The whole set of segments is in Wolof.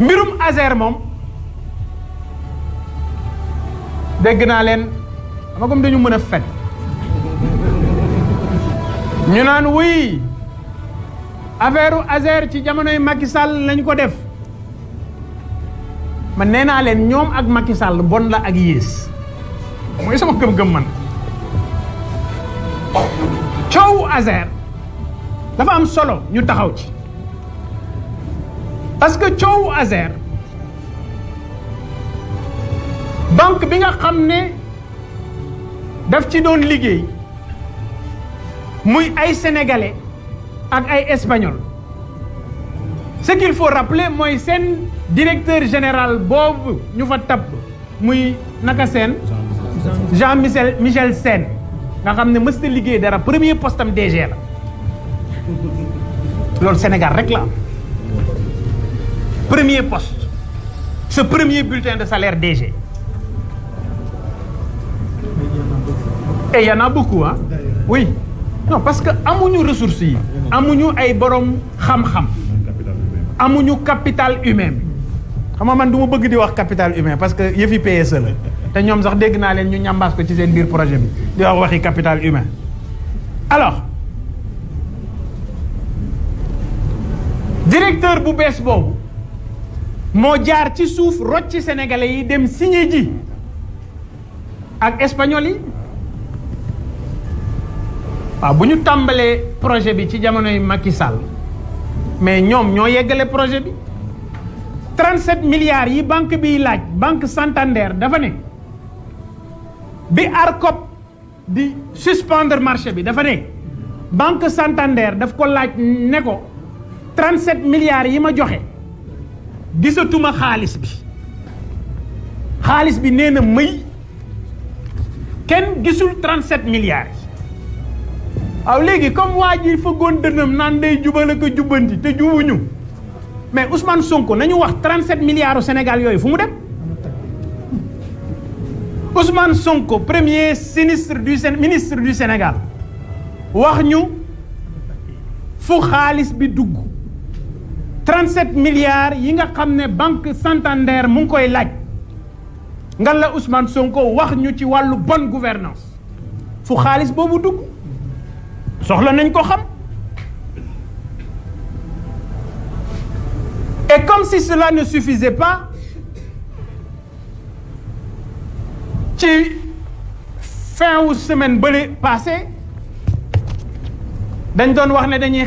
mbirum Azer moom dégg naa leen ama comme dañu mën a fen ñu naan wuy affaire Azer ci jamonoy Macky Sall lañ ko def man nee naa leen ñoom ak Macky Sall bon la ak yées mooy sama gëm-gëm man coowu Azer dafa am solo ñu taxaw ci parce que Tchou Azer banque bi nga xam ne daf ci doon liggéey sénégalais et ay espagnol ce qu'il faut rappeler que le directeur général Bob ñu fa tabb muy naka Jean Michel Michel Sen. nga xam le mës dara premier poste DG la le Sénégal réclame premier poste ce premier bulletin de salaire DG et il y en a beaucoup hein? oui non parce que amuñu ressources yi amuñu ay borom xam-xam amuñu capital humain Comment xam nga man capital humain parce que je suis la seul. seul. sax dégg naa leen ñu ñambaas ko ci projet bi di wax waxi capital humain alors directeur bu moo jaar ci suuf rocc ci sénégalais yi dem signé ji ak espagnol yi waaw bu ñu tàmbalee projet bi ci jamonoy Macky Sall mais ñoom ñoo yeggale projet bi 37 milliards yi banque biy laaj banque Santander dafa ne bi ARCOP di suspendre marché bi dafa ne banque Santander daf ko laaj ne ko 37 milliards yi ma joxe. gisatuma xaalis bi xaalis bi nee na may kenn gisul 37 milliards waaw léegi comme waa ji fëggoon dënam naan day jubal ko jubbanti te jubuñu mais Ousmane Sonko nañu wax 37 milliards au Sénégal yooyu fu mu dem Ousmane Sonko premier sinistre du Sén ministre du Sénégal wax ñu fu xaalis bi dugg. 37 milliards yi nga xam banque Santander mu ngi koy laaj la Ousmane Sonko wax ñu ci bonne gouvernance fu xaalis soxla et comme si cela ne suffisait pas ci fin ou semaine bële passé dañ doon wax dañuy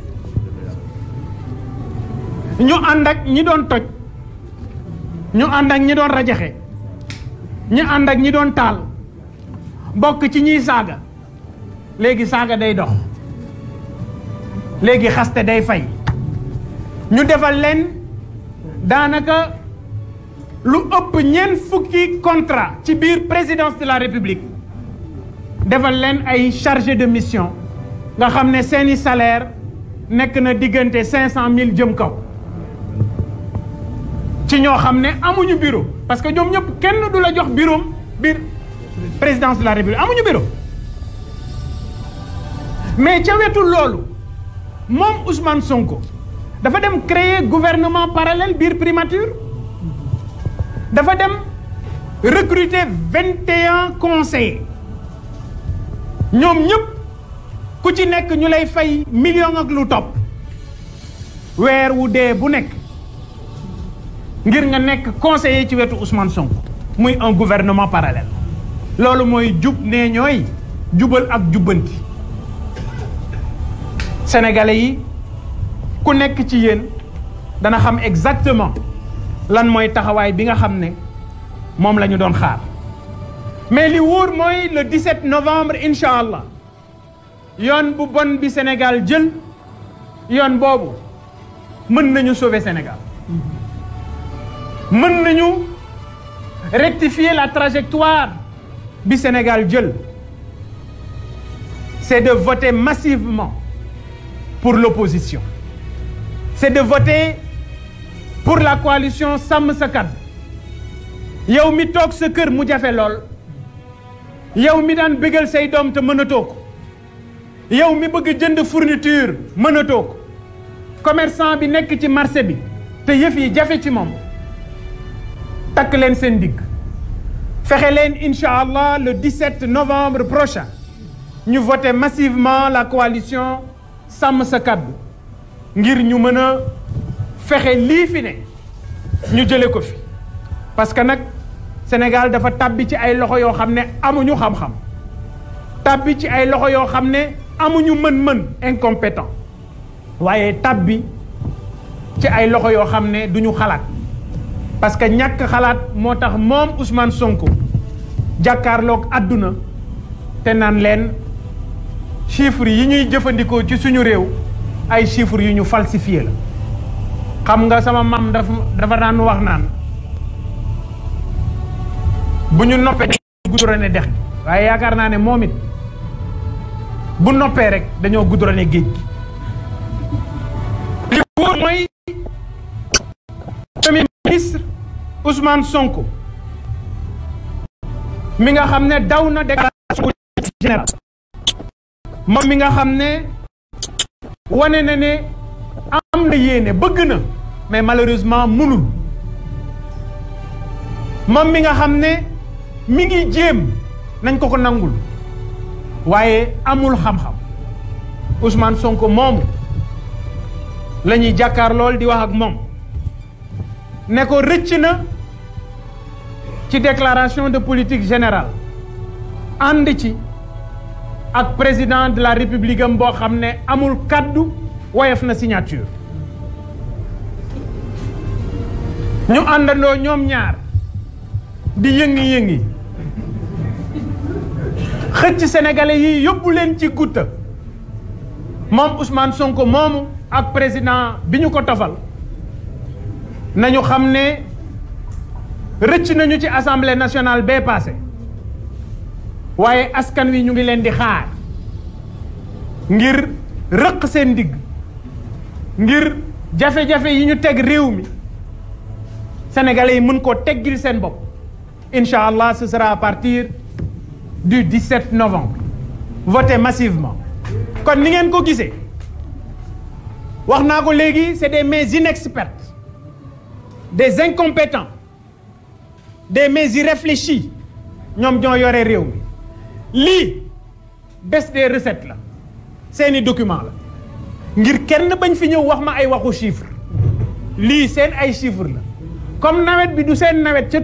Nous avons ak ñi doon toj ñu ànd ak ñi doon rajaxe ñi ànd ak ñi doon taal bokk ci ñiy saaga léegi saaga day dox léegi xaste day fay ñu defal leen daanaka lu ëpp fukki contrat ci présidence de la république defal leen ay chargé de mission nga xam ne salaire nekk na diggante 000 ci ñoo xam ne amuñu bureau parce que ñoom ñëpp kenn du la jox bureau bir présidence de la république amuñu bureau mais ca tout loolu moom Ousmane Sonko dafa dem créer gouvernement parallèle biir primature dafa dem recruter 21 conseillers ñoom ñëpp ku ci nekk ñu lay fay million ak lu topp weer wu dee bu nekk ngir nga nekk conseiller ci wetu Ousmane Sonko muy un gouvernement parallèle loolu mooy jub ne ñooy jubal ak jubbanti sénégalais yi ku nekk ci yéen dana xam exactement lan mooy taxawaay bi nga xam ne moom la ñu doon xaar mais li wóor mooy le 17 novembre incha allah yoon bu bon bi Sénégal jël yoon boobu mën nañu sauver Sénégal. Nous rectifier la trajectoire du Sénégal jël c'est de voter massivement pour l'opposition c'est de voter pour la coalition Sam Sa Kàddu yow mi tok sa kër mu jafé lol. yow mi dan bégal say dom te mënatoo y yow mi bëgg jënd fourniture mënatoo commerçant bi nek ci marché bi te yëf yi jafé ci mom tak leen seen digg fexe leen incha allah le 17 novembre prochain ñu voter massivement la coalition sàmm sa kàddu ngir ñu mën a fexe lii fi ne ñu jële ko fi parce que nag Sénégal dafa tàbbi ci ay loxo yoo xam ne amuñu xam-xam tàbbi ci ay loxo yoo xam ne amuñu mën-mën incompétent waaye tàbbi ci ay loxo yoo xam ne duñu xalaat parce que ñàkk xalaat moo tax moom Ousmane Sonko jàkkaarloog àdduna te naan leen chiffres yi ñuy jëfandikoo ci suñu réew ay chiffres yu ñu falsifié la xam nga sama maam dafa dafa daan wax naan bu ñu noppee dañoo gudrone dex waaye yaakaar naa ne moom it bu noppee rek dañoo gudrone géej gi Ousmane Sonko mi nga xam ne daw na déclaration générale moom mi nga xam ne wane na ne am na yéene bëgg na mais malheureusement mënul moom mi nga xam ne mi ngi jéem nañ ko ko nangul waaye amul xam-xam Ousmane Sonko moomu lañuy ñuy lool di wax moom ne rëcc na ci déclaration de politique générale and ci ak président de la république am boo xam ne amul kaddu woyof signature ñu àndandoo ñoom ñaar di yëngi-yëngi xëcc sénégalais yi yóbbu leen ci gutta moom Ousmane Sonko moomu ak président bi ñu ko tofal nañu xam ne rëcc nañu ci assemblée nationale bee passé waaye askan wi ñu ngi di xaar ngir Nous ngir jafe-jafe yi ñu teg réew mi sénégalais yi mën koo teggil ce sera à partir du 17 novembre votez massivement kon ni ngeen ko gisee wax c'est des mains inexpertes des incompétents des mesures réfléchies ñoom ñoo yore réew mi lii baisse des recettes là. C'est un document là. ngir kenn bañ fi ñëw wax ma ay waxu chiffre Li seen ay chiffre la comme nawet bi du seen nawet ca